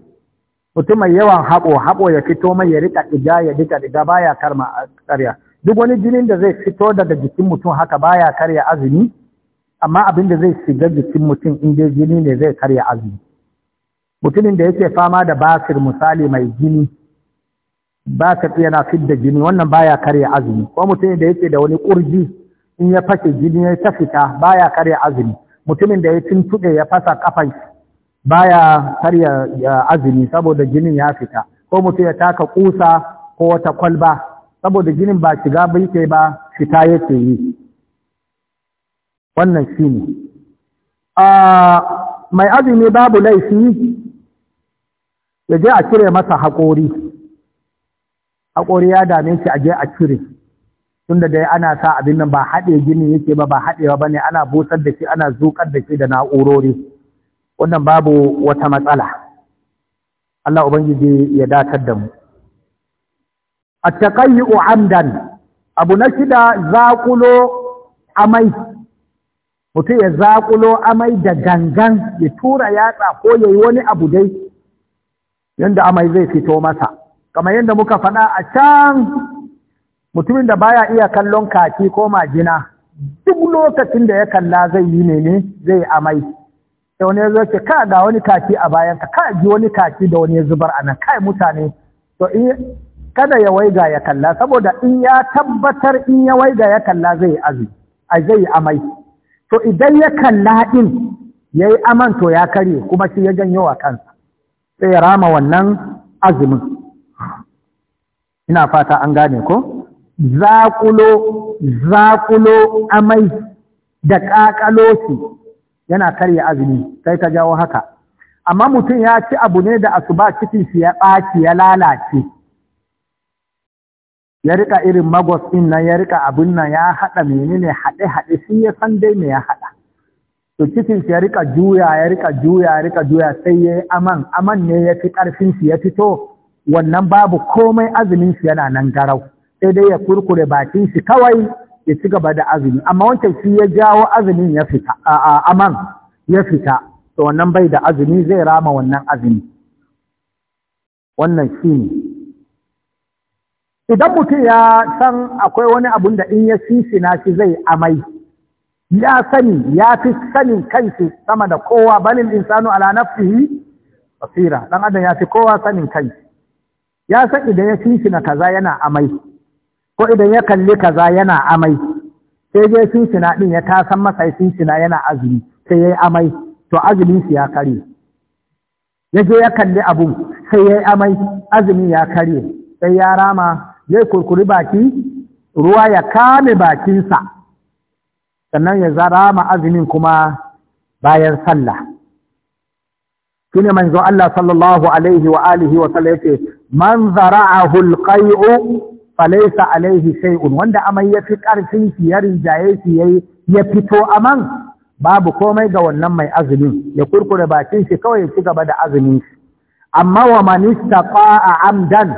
mutum mai yawan haɓo haɓo ya fito mai ya rika ɗiga ya rika ɗiga baya karma karya duk wani jinin da zai fito daga jikin mutum haka baya karya azumi amma abin da zai shiga jikin mutum in dai jini ne zai karya azumi mutumin da yake fama da basir misali mai jini basir yana fidda jini wannan baya karya azumi ko mutumin da yake da wani kurji in ya fashe jini ya ta fita baya karya azumi mutumin da ya tuntuɗe ya fasa kafan baya karya azumi saboda jinin ya fita ko mutum ya taka ƙusa ko wata kwalba saboda jinin ba shiga bike ba fita yake yi wannan shine a ah, mai azumi babu laifi ya je a cire masa haƙori haƙori ya dame shi a je a cire tunda dai ana sa abin nan ba haɗe gini yake ba ba haɗewa ba ne ana busar da shi ana zuƙar da shi da na'urori wannan babu wata matsala Allah Ubangiji ya datar da mu a taƙayyu amdan abu na shida zaƙulo amai mutum ya zaƙulo amai da gangan ya tura yatsa ko ya yi wani abu dai yanda amai zai fito masa kamar yadda muka faɗa a can mutumin da baya iya kallon kaki ko majina duk lokacin da ya kalla zai yi ne zai yi amai da wani ya ce ka ga wani kaki a bayan ka ji wani kaki da wani ya zubar a nan kai mutane to in kada ya waiga ya kalla saboda in ya tabbatar in ya waiga ya kalla zai yi azu a zai amai to idan ya kalla din yayi aman to ya kare kuma shi ya janyo wa kansa sai rama wannan azumin ina fata an gane ko Zakulo zaƙulo amai da ƙaƙalosi yana karya azumi sai ta jawo haka amma mutum ya ci abu ne da asuba cikin shi ya ɓaci ya lalace ya rika irin magos ɗin nan ya rika abin nan ya haɗa menene haɗe-haɗe shi ya san dai me ya haɗa to cikin ya rika juya ya rika juya ya rika juya sai yayi aman aman ne ya fi karfin shi ya fito wannan babu komai azumin shi yana nan garau sai dai ya kurkure bakin shi kawai ya ci gaba da azumi amma wancan shi ya jawo azumin ya fita A aman ya fita to wannan bai da azumi zai rama wannan azumi wannan shi ne idan mutum ya san akwai wani abun da in ya sisina shi zai amai ya sani ya fi sanin kansu sama da kowa balin insanu ala nafsihi basira dan adam ya fi kowa sanin kansu. ya san idan ya na kaza yana amai ko idan ya kalli kaza yana amai sai je na din ya ta san masa na yana azumi sai yayi amai to azumin shi ya kare ya je ya kalli abu sai yayi amai azumi ya kare sai ya rama yayi kurkuri baki ruwa ya kame bakinsa sannan ya zara ma azumin kuma bayan sallah Shi ne manzo Allah sallallahu alaihi wa alihi wa sallam yace man zara'ahu alqai'u falaysa alaihi shai'un wanda amai yafi karfin shi ya rinjaye shi ya fito aman babu komai ga wannan mai azumin ya kurkure bakin shi kawai ya ci gaba da azumin shi amma wa man a amdan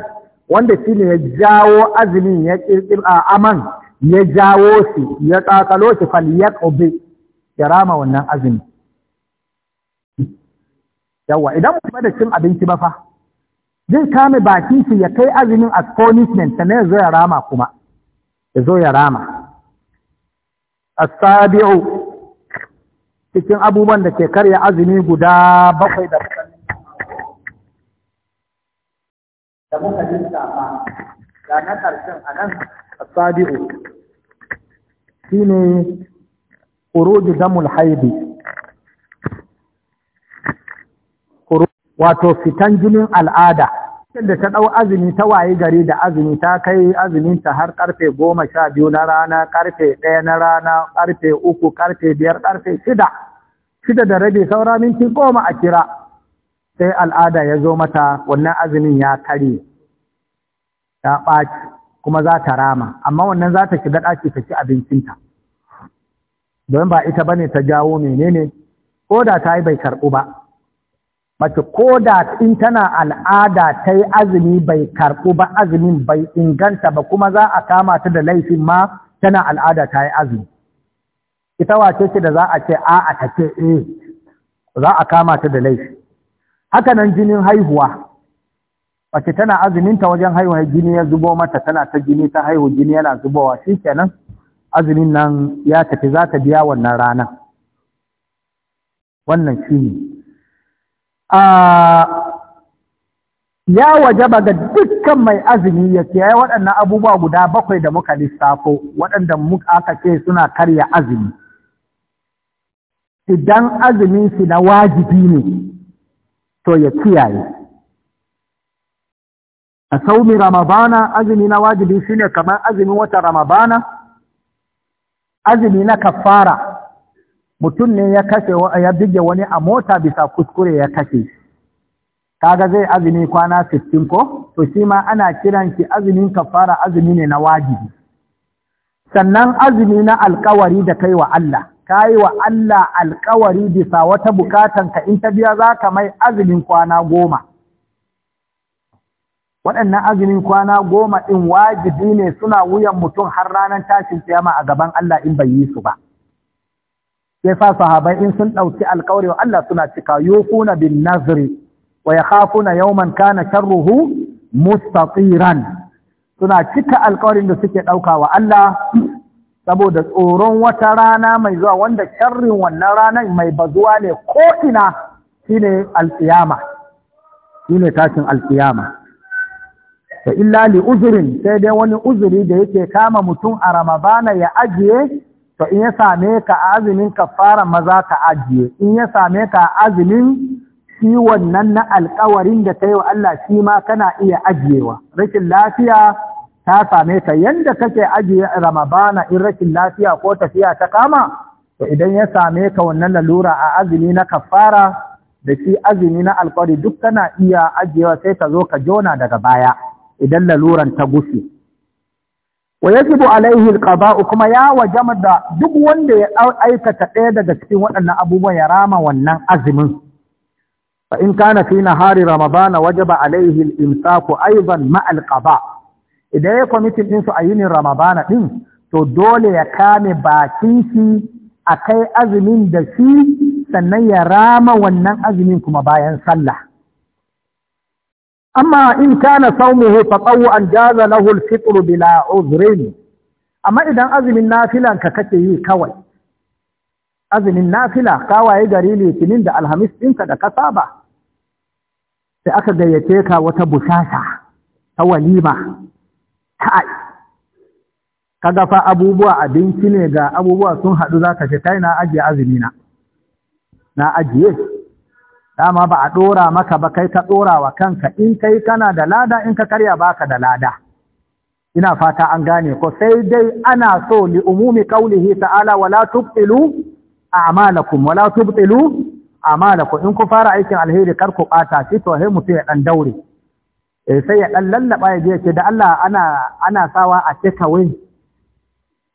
wanda ne ya jawo azumin ya a aman ya jawo shi ya tsakalo shi falyaqbi ya rama wannan azumi Yawwa idan mutum da cin abinci ba fa zai kame bakin shi ya kai azumin a punishment ta ya zo ya rama kuma ya zo ya rama A sabiu cikin abubuwan da ke karya azumi guda bakwai da da muka lissafa ga na karshen a nan as Shi shine khuruj damul haibi. wato fitan jinin al'ada da ta ɗau azumi ta waye gari da azumi ta kai azuminta har karfe goma sha biyu na rana ƙarfe ɗaya na rana ƙarfe uku ƙarfe biyar ƙarfe shida shida da rabi saura minti goma a kira sai al'ada ya zo mata wannan azumin ya kare ya ɓaci kuma za ta rama amma wannan za ta shiga ɗaki ta ci abincinta don ba ita bane ta jawo menene ko da ta yi bai karɓu ba mace ko da in tana al'ada ta yi azumi bai karɓu ba azumin bai inganta ba kuma za a kama ta da laifin ma tana al'ada ta yi azumi ita wace ce da za a ce a'a ta ce eh za a kama ta da laifi haka nan jinin haihuwa mace tana azumin ta wajen haihuwa jini ya zubo mata tana ta jini ta haihu jini yana zubowa shikenan azumin nan ya tafi za ta biya wannan rana wannan shine a ya wajaba ga dukkan mai azumi ya kiyaye waɗannan abubuwa guda bakwai da muka lissafo waɗanda muka aka ce suna karya azumi idan azumin shi na wajibi ne to ya kiyaye a saumi Ramabana, azumi na wajibi shine kamar azumin wata ramadana azumi na kafara mutum ne ya kashe ya bige wani a mota bisa kuskure ya kashe kaga zai azumi kwana 15 ko to shi ma ana kiran shi azumin kafara azumi ne na wajibi sannan azumi na alkawari da kai wa Allah kai wa Allah alkawari bisa wata bukatan ka in ta biya zaka mai azumin kwana goma waɗannan azumin kwana goma ɗin wajibi ne suna wuyan mutum har ranar tashin kiyama a gaban Allah in bai yi su ba. Ya sa sahabai in sun ɗauki alkawari wa Allah suna cika yufuna bin Naziri wa ya khafuna yawman kana sharruhu mustatiran suna cika alkawarin da suke ɗauka wa Allah saboda tsoron wata rana mai zuwa wanda sharrin wannan ranar mai bazuwa ne ko ina shine alƙiyama? tashin alkiyama da illa li uzurin sai dai wani uzuri da yake kama mutum a ramadana ya ajiye to in ya same ka a azumin kafara maza ka ajiye in ya same ka azumin shi wannan na alkawarin da ta yi wa Allah shi ma kana iya ajiyewa rashin lafiya ta same ka yanda kake ajiye ramabana, in rashin lafiya ko tafiya ta kama to idan ya same ka wannan lalura a azumi na kafara da shi azumi na alkawari duk kana iya ajiyewa sai ka zo ka jona daga baya idan laluran ta gushe wa bu alaihi ƙaba'u? kuma ya wajama da duk wanda ya aikata ɗaya daga cikin waɗannan abubuwan ya rama wannan azumin fa in kana fi hari ramadana wajaba alaihi ku aidan ma'al ƙaba. idan ya kwamitin din su a yinin ramadana din to dole ya kame bakin shi kai azumin da shi sannan ya rama wannan azumin kuma bayan sallah amma in kana saumuhu an jaza lahu al-fitr bila uzrin amma idan azumin nafilan ka kake yi kawai azumin nafila kawaye gari litinin da alhamis ɗinka da ka saba sai aka gayyace ka wata bushasha ta walima ta'ai kaga fa abubuwa abinci ne ga abubuwa sun haɗu za ce kai na ajiye na, na ajiye dama ba a ɗora maka ba kai ka ɗora wa kanka in kai kana da lada in ka karya ba ka da lada ina fata an gane ko sai dai ana so li umumi kaulihi ta'ala wala tubtilu a'malakum wala tubtilu a'malakum in ku fara aikin alheri kar ku bata shi to sai mutum ya ɗan daure eh sai ya ɗan lallaba ya je ce da Allah ana sawa a take away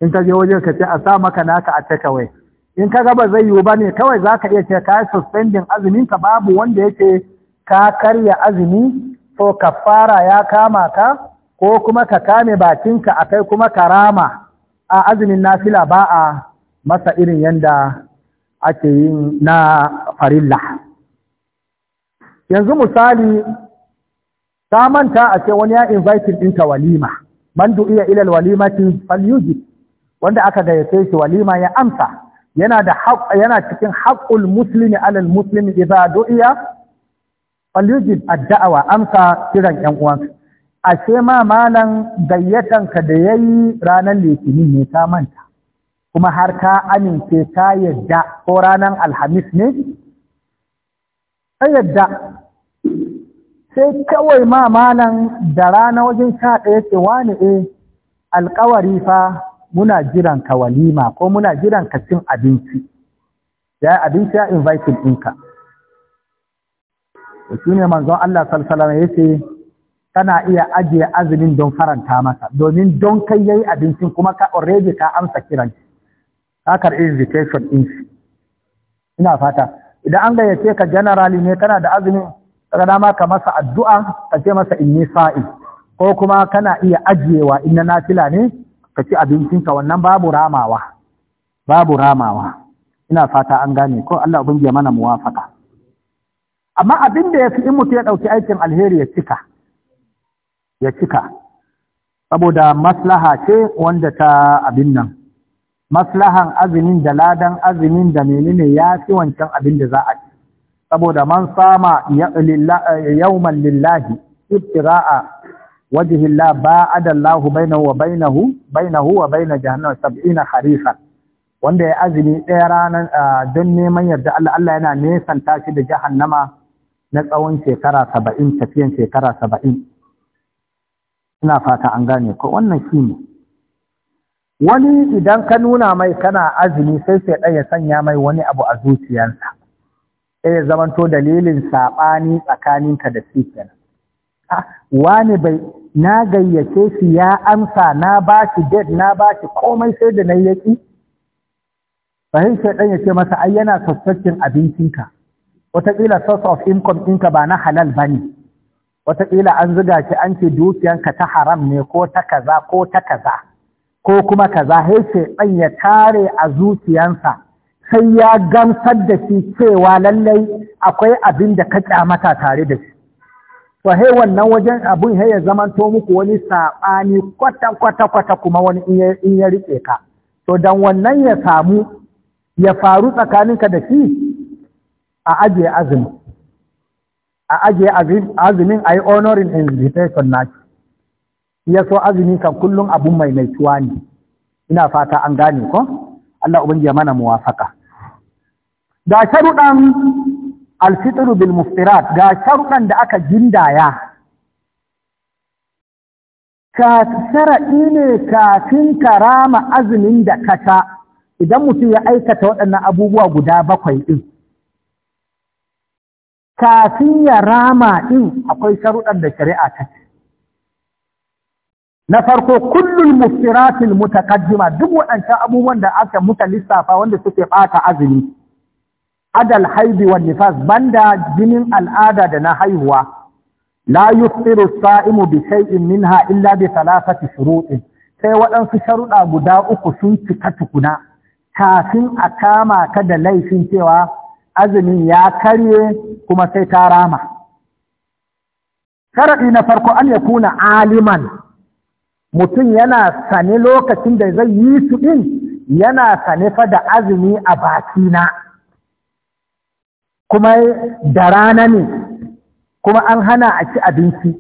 in ka je wajen ka ce a sa maka naka a take away in ka gaba zai yiwu ba ne kawai za ka iya ce ka yi suspending azumin ka babu wanda yake ka karya azumi so fara ya kama ka ko kuma ka kame bakinka a kai kuma karama a azumin nafila ba a masa irin yanda ake yi na farilla yanzu misali ta manta a ce wani ya invite ɗinta walima man du'iya ila alwalimati wanda aka gayyace shi walima ya amsa yana da yana cikin haƙ'ul muslimi alal muslimi idza du'iya falyujib ad-da'wa amsa kiran yan uwansa ashe ma malan ka da yayi ranan litinin ne ka manta kuma har ka amince ka yadda ko ranan alhamis ne sai yadda sai kawai ma malan da rana wajen sha ɗaya ce wani eh alƙawari fa muna jiran ka walima ko muna jiran ka cin abinci ya abinci ya invite ɗinka shi ne manzon Allah salsalama ya ce kana iya ajiye azumin don faranta masa domin don kai yayi abincin kuma ka already ka amsa kiran ka karɓi invitation ɗin shi ina fata idan an gayyace ka generally ne kana da azumin kaga dama ka masa addu'a ka ce masa inni sa'i ko kuma kana iya ajiyewa inna na nafila ne ka ci abincinka wannan babu ramawa babu ramawa ina fata an gane ko Allah ubangiji ya mana muwafaka amma abin da yafi in mutum ya ɗauki aikin alheri ya cika ya cika saboda maslaha ce wanda ta abin nan maslahan azumin da ladan azumin da menene ya fi wancan abin da za a ci saboda man sama yawman lillahi ibtira'a wajhi Allah ba'ada Allah bainahu wa bainahu bainahu wa bain jahannam 70 harifan wanda ya azumi ɗaya ranar don neman yarda Allah Allah yana nesanta tashi da jahannama na tsawon shekara saba'in tafiyan shekara saba'in ina fata an gane ko wannan shi ne wani idan ka nuna mai kana azumi sai sai ɗaya sanya mai wani abu a zuciyarsa sai ya zamanto dalilin saɓani tsakaninka da shi kenan wani bai na gayyace shi ya amsa na ba shi dead na ba shi komai sai da na yaki fahim shaidan ya ce masa ai yana abincin abincinka wataƙila source of income ɗinka ba na halal ba ne wataƙila an zuga shi an ce dukiyanka ta haram ne ko ta kaza ko ta kaza ko kuma kaza sai shaidan ya tare a zuciyansa sai ya gamsar da shi cewa lallai akwai abin da ka kyamata tare da shi to wannan wajen abin haya ya zamanto muku wani saɓani kwata kwata kuma wani in ya riƙe ka to don wannan ya samu ya faru tsakaninka da shi a ajiye azumi a ajiye azumin a yi honorin invitation naki ya so azumi kan kullum abun mai mai tuwa ne ina fata an gane ko Allah ubangiji ya mana muwafaka ga sharuɗan alfitru bil muftirat ga sharuɗan da aka gindaya ka sharaɗi ne kafin ka rama azumin da kasa idan mutum ya aikata waɗannan abubuwa guda bakwai ɗin kafin ya rama ɗin akwai sharuɗan da shari'a ta na farko kullul muftiratil mutaqaddima duk waɗancan abubuwan da aka muka lissafa wanda suke ɓata azumi adal haidi wa nifas banda jinin al'ada da na haihuwa la yusiru sa'imu bi shay'in minha illa bi thalathati shurutin sai waɗansu sharuɗa guda uku sun cika tukuna kafin a kama ka da laifin cewa azumin ya karye kuma sai ta rama sharaɗi na farko an yakuna aliman mutum yana sane lokacin da zai yi su din yana sane fa da azumi a bakina kuma da rana ne kuma an hana a ci abinci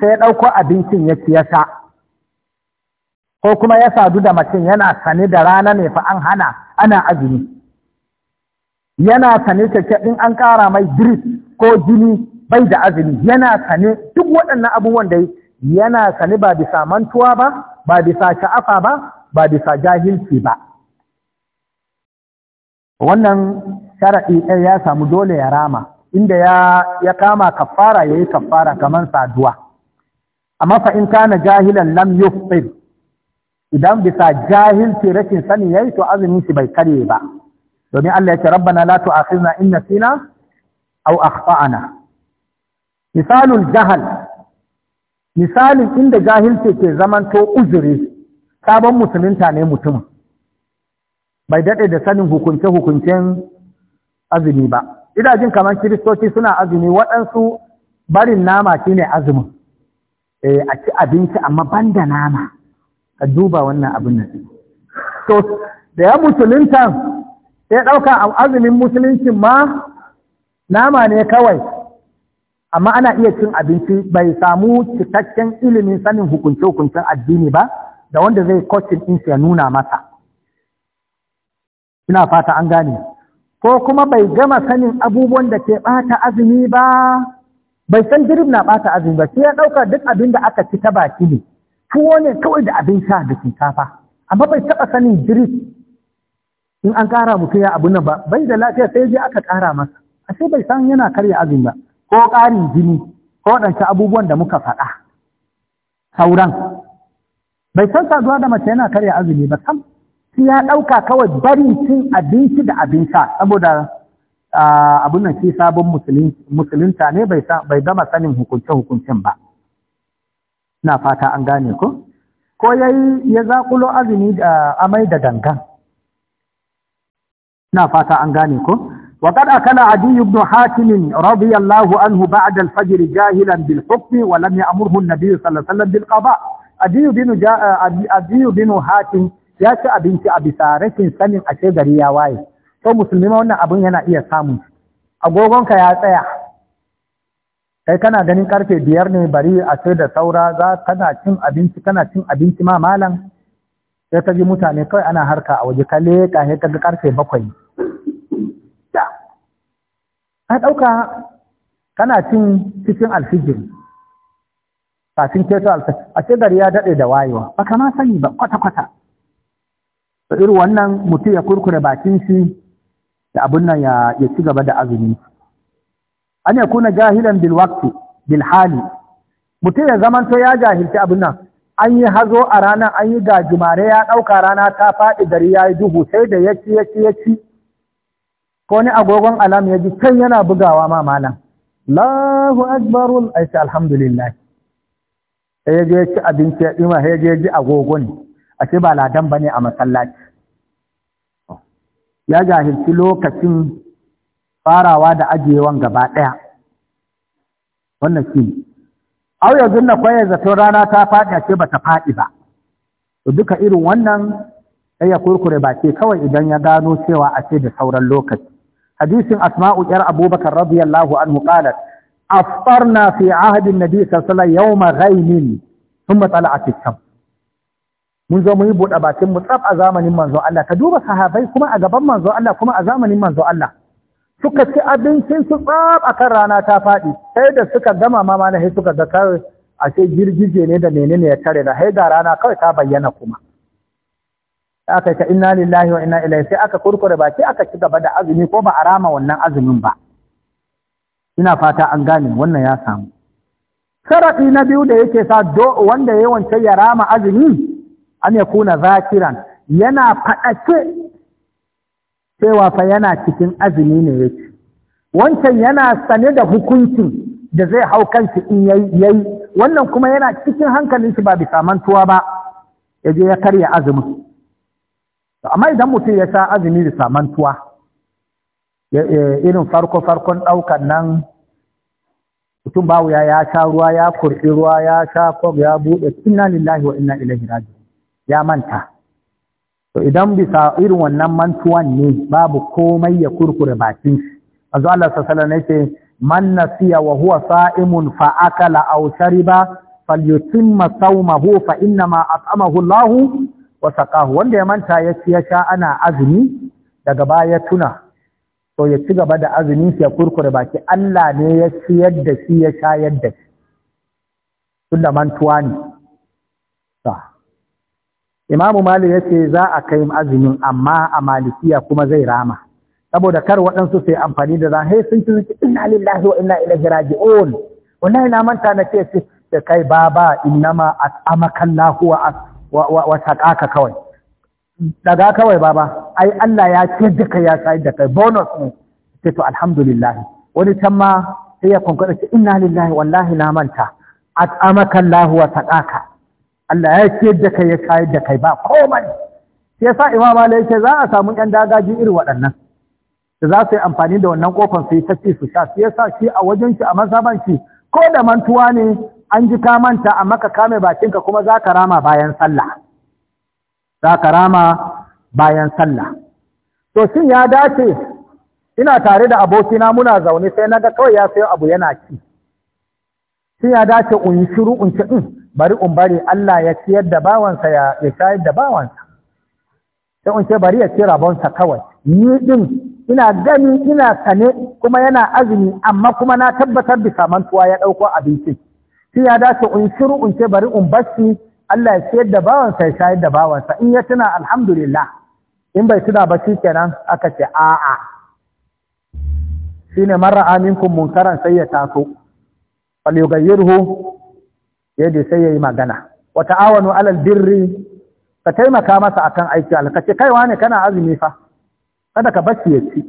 sai ya ɗauko abincin ya ci ya ko kuma ya sadu da mutum yana sane da rana ne fa an hana ana azumi yana sane take in an ƙara mai drip ko jini bai da azumi yana sane duk waɗannan abubuwan da yana sane ba bisa mantuwa ba ba bisa sha'afa ba ba bisa jahilci ba wannan sharaɗi ɗaya ya samu dole ya rama inda ya ya kama kafara yayi kafara kamar saduwa amma fa in jahilan lam yufṭir idan bisa jahilci rashin sani yayi to azumin shi bai karye ba domin Allah ya ce rabbana la tu'akhizna in nasina au akhta'na misalul jahal misalin inda jahilci ke zamanto uzuri sabon musulunta ne mutum bai daɗe da sanin hukunce-hukuncen azumi ba ina jin kamar kiristoci suna azumi waɗansu barin nama shine azumin eh a ci abinci amma ban da nama ka duba wannan abin nan to da ya musulunta sai ɗauka azumin musuluncin ma nama ne kawai amma ana iya cin abinci bai samu cikakken ilimin sanin hukunce-hukuncen addini ba da wanda zai kocin ɗinsu ya nuna masa ina fata an gane ko kuma bai gama sanin abubuwan da ke ɓata azumi ba bai san dirib na ɓata azumi ba sai ya ɗauka duk abin da aka ci ta baki ne tuwo ne kawai da abin sha da shinkafa amma bai taɓa sanin dirib in an ƙara mutum ya abu nan ba bai da lafiya sai je aka ƙara masa A sai bai san yana karya azumi ba ko ƙarin jini ko waɗancan abubuwan da muka faɗa sauran bai san saduwa da mace yana karya azumi ba sam shi ya ɗauka kawai bari cin abinci da abin sha saboda abin nan shi sabon musulunta ne bai gama sanin hukunce-hukuncen ba na fata an gane ku. ko ya yi ya zaƙulo azumi da amai da gangan na fata an gane ku. وقد أكل عدي بن حاتم رضي الله عنه بعد الفجر جاهلا بالحكم ولم يأمره النبي صلى الله عليه وسلم بالقضاء عدي بن, جا... عدي بن حاتم ya ci abinci a bisa rashin sanin ashe gari ya waye to musulmi ma wannan abin yana iya samun agogonka ya tsaya kai kana ganin karfe biyar ne bari a ce da saura za kana cin abinci kana cin abinci ma malam sai ka ji mutane kawai ana harka a waje ka leka sai ka ga karfe bakwai ka ɗauka kana cin cikin alfijir kafin keto alfijir a ce gari ya daɗe da wayewa ba ka ma sani ba kwata-kwata da iri wannan mutum ya kurkure bakin shi da abin nan ya ci gaba da azumi an ya kuna jahilan bil bilhali. bil hali mutum ya zamanto ya jahilci abin nan an yi hazo a ranar an yi gajimare ya ɗauka rana ta faɗi gari ya yi duhu sai da ya ci ya ci ya ci ko ni agogon alam ya ji can yana bugawa ma malam Allahu akbar aisha alhamdulillah sai ya je ci abinci ya ɗima sai ya je ya ji agogon ashe ba ladan bane a masallaci ya jahilci lokacin farawa da ajiyewan gaba ɗaya wannan shi ne au yanzu na kwaye zaton rana ta faɗi a ce ba ta faɗi ba to duka irin wannan sai ya ba ce kawai idan ya gano cewa a ce da sauran lokaci hadisin asma'u yar abubakar radiyallahu anhu qalat na fi ahdi an-nabi sallallahu alaihi wasallam yawma ghaimin thumma tala'at ash-shams mun zo mun yi buɗe bakin mu tsaf a zamanin manzo Allah ka duba sahabai kuma a gaban manzon Allah kuma a zamanin manzo Allah suka ci abincin su tsaf akan rana ta faɗi sai da suka gama ma mana sai suka ga kawai ashe girgije ne da menene ya tare da haida rana kawai ta bayyana kuma aka ta inna lillahi wa inna ilaihi sai aka kurkure baki aka ci gaba da azumi ko ba a rama wannan azumin ba ina fata an gane wannan ya samu sharaɗi na biyu da yake sa do wanda ya wance ya rama azumi an ya kuna zakiran yana faɗake cewa fa yana cikin azumi ne yake wancan yana sane da hukuncin da zai hau kanshi in yayi wannan kuma yana cikin hankalin shi ba bisa mantuwa ba ya je ya karya azumin amma idan mutum ya sha azumi bisa mantuwa irin farko farkon ɗaukan nan mutum ba ya ya sha ruwa ya kurɗi ruwa ya sha kwab ya buɗe inna lillahi wa inna ilaihi raji ya manta to idan bisa irin wannan mantuwan ne babu komai ya kurkure bakin shi azu Allah sallallahu alaihi wasallam man nasiya wa huwa sa'imun fa akala aw shariba falyutimma sawmahu fa inna ma at'amahu Allah wa saqahu wanda ya manta ya ci ya sha ana azumi daga baya tuna to ya ci gaba da azumin shi ya kurkure baki Allah ne ya ci da shi ya sha yadda shi tunda mantuwa ne imamu malik ya ce za a kai azumin amma a malikiya kuma zai rama saboda kar waɗansu sai amfani da zan hei sun ci inna lillahi wa inna ilaihi raji'un wallahi na manta na ce da kai baba innama at'amakallahu wa wa wa kawai daga kawai baba ai Allah ya ce duka ya sai da kai bonus ne ce to alhamdulillah wani can ma sai ya kunkuɗa ce inna lillahi wallahi na manta at'amakallahu wa sadaka Allah ya ciyar da kai ya kayar da kai ba komai shi yasa imam Ali yake za a samu ƴan dagaji irin waɗannan da za su yi amfani da wannan kofar su yi ta ci su sha sai yasa shi a wajen shi a mazhaban shi ko da mantuwa ne an ji ka manta amma ka kame bakinka kuma za ka rama bayan sallah za ka rama bayan sallah to shin ya dace ina tare da abokina muna zaune sai naga ga kawai ya sayo abu yana ci shin ya dace in shiru in ci in bari in bari Allah ya ciyar da bawansa ya shayar da bawansa sai in ce bari ya ci rabonsa kawai ni din ina gani ina sane kuma yana azumi amma kuma na tabbatar bisa mantuwa ya ɗauko abincin shi ya dace in shiru in ce bari in bashi Allah ya ciyar da bawansa ya shayar da bawansa in ya tuna alhamdulillah in bai tuna ba shi kenan aka ce a'a shine mara aminkum munkaran sai ya taso falyughayyirhu yadda sai ya yi magana Wata ta'awanu alal birri ka taimaka masa akan aiki alkace kaiwa ne kana azumi fa kada ka bashi ya ci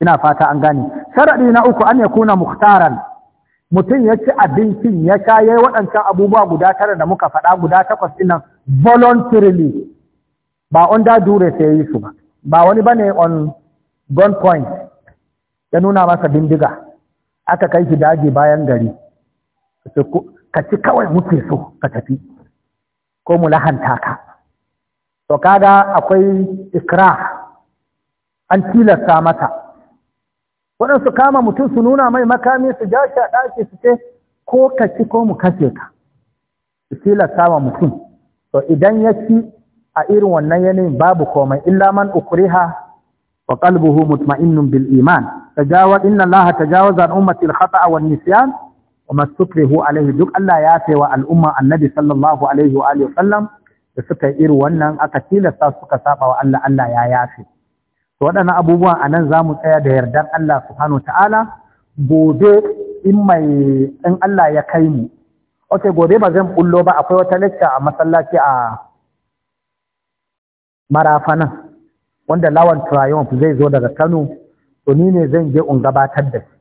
ina fata an gane sharadi na uku an yakuna muktaran. mutum ya ci abincin ya sha yayi waɗancan abubuwa guda tara da muka faɗa guda takwas ina nan voluntarily ba on da dure sai yi su ba ba wani bane on gun point ya nuna masa bindiga aka kai shi daji bayan gari ka ci kawai muke so ka tafi ko mu lahanta ka to kaga akwai ikra an tilasta mata waɗansu kama mutum su nuna mai makami su ja shi a ɗaki su ce ko ka ci ko mu kashe ka su tilasta wa mutum to idan ya ci a irin wannan yanayin babu komai illa man ukriha wa qalbuhu mutma'innun bil iman tajawa inna allaha tajawaza an ummati al khata'a wan nisyan kuma alaihi duk Allah ya ce wa al'umma annabi sallallahu alaihi wa alihi sallam da suka iri wannan aka tilasta suka saba wa Allah Allah ya yafe to waɗannan abubuwan anan zamu tsaya da yardan Allah subhanahu ta'ala gobe in mai in Allah ya kai mu okay gobe ba zan bullo ba akwai wata lecture a masallaci a marafana wanda lawan triumph zai zo daga Kano to ni ne zan je in gabatar da shi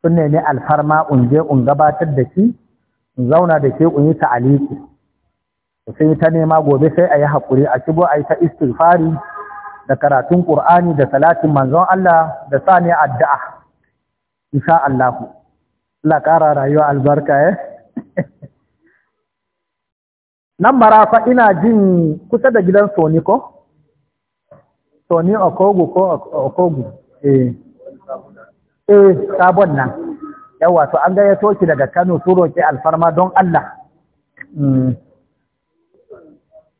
sun nemi alfarma in je gabatar da shi in zauna da ke in yi ta'aliki sun yi ta nema gobe sai a yi haƙuri a shigo a yi ta istighfari da karatun ƙur'ani da salatin manzon Allah da sani addu'a insha Allah Allah ƙara rayuwa albarka eh nan marafa ina jin kusa da gidan Soni ko Soni Okogu ko Okogu eh eh sabon nan yawa to an gayyato toki daga Kano su roƙe alfarma don Allah hmm.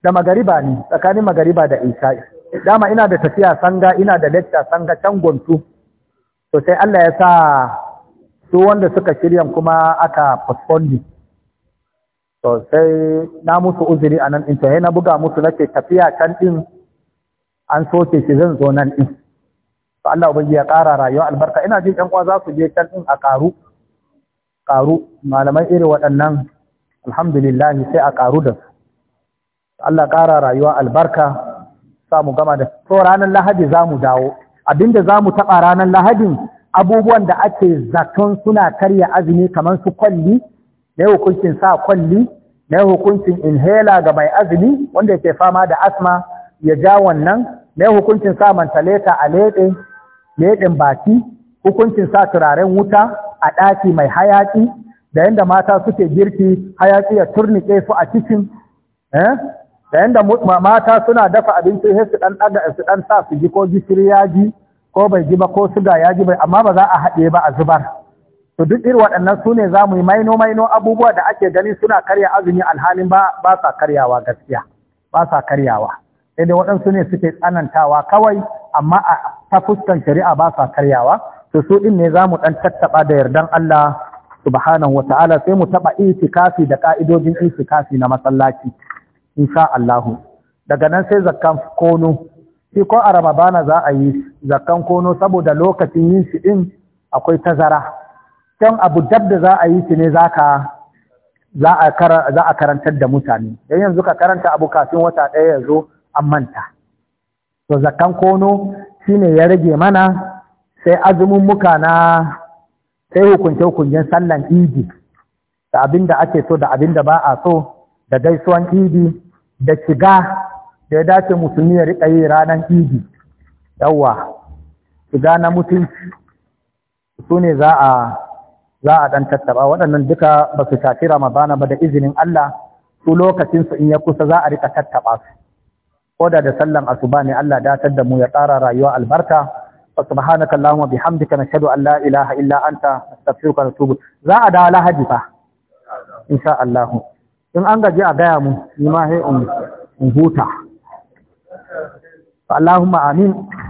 da magariba ne tsakanin magariba da isai dama ina da tafiya sanga ina da lecture sanga can gontu to sai Allah ya sa su wanda suka shirya kuma aka postpone to sai na musu uzuri anan in to na buga musu nake tafiya can ɗin, an soke shi zan zo nan din to Allah ubangi ya ƙara rayuwa albarka ina jin ƴan kwa za su je can din a ƙaru ƙaru malamai irin waɗannan alhamdulillah sai a ƙaru da su Allah ƙara rayuwa albarka sa mu gama da to ranar lahadi za mu dawo abinda za mu taɓa ranar Lahadi abubuwan da ake zaton suna karya azumi kamar su kwalli na hukuncin sa kwalli na hukuncin inhaler ga mai azumi wanda yake fama da asma ya ja wannan na hukuncin sa mantaleta a leɗe leɗin baki hukuncin sa turaren wuta a ɗaki mai hayaƙi da yadda mata suke girki hayaƙi ya turnike su a cikin eh? da yadda mata suna dafa abinci sai su ɗan ɗaga su ɗan sa su ji ko gishiri ya ji ko bai ji ba ko suga ya ji bai amma ba za a haɗe ba a zubar to duk irin waɗannan su ne za mu yi maino maino abubuwa da ake gani suna karya azumi alhalin ba ba sa karyawa gaskiya ba sa karyawa sai dai waɗansu ne suke tsanantawa kawai amma a ta fuskan shari'a ba sa karyawa to su din ne zamu ɗan tattaba da yardan Allah subhanahu wataala sai mu taba itikafi da ka'idojin itikafi na masallaci insha Allah daga nan sai Zakan kono shi ko a Ramadana za a yi zakkan kono saboda lokacin yin shi ɗin, akwai tazara don abu dab da za a yi shi ne za a karantar da mutane don yanzu ka karanta abu kafin wata ɗaya ya zo an manta to zakan kono shine ya rage mana sai azumin muka na sai hukunce hukuncen sallan idi da abin da ake so da abin da ba a so da gaisuwan idi da shiga da ya dace musulmi ya riƙa yi ranar idi yawwa shiga na mutunci su ne za a za a ɗan tattaba waɗannan duka ba su shafi ramadana ba da izinin Allah su lokacinsu in ya kusa za a riƙa tattaba su koda da sallan asuba ne Allah datar da mu ya tsara rayuwa albarka wa subhanaka allahumma bihamdika nashhadu an la ilaha illa anta astaghfiruka wa atubu za a da lahadi fa insha Allah in an gaji a gaya mu ni ma sai in huta Allahumma amin